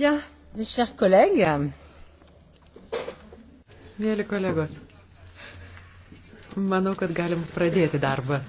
Bien, mes chers collègues. Mėly kolegos, manau, kad galim pradėti darbą.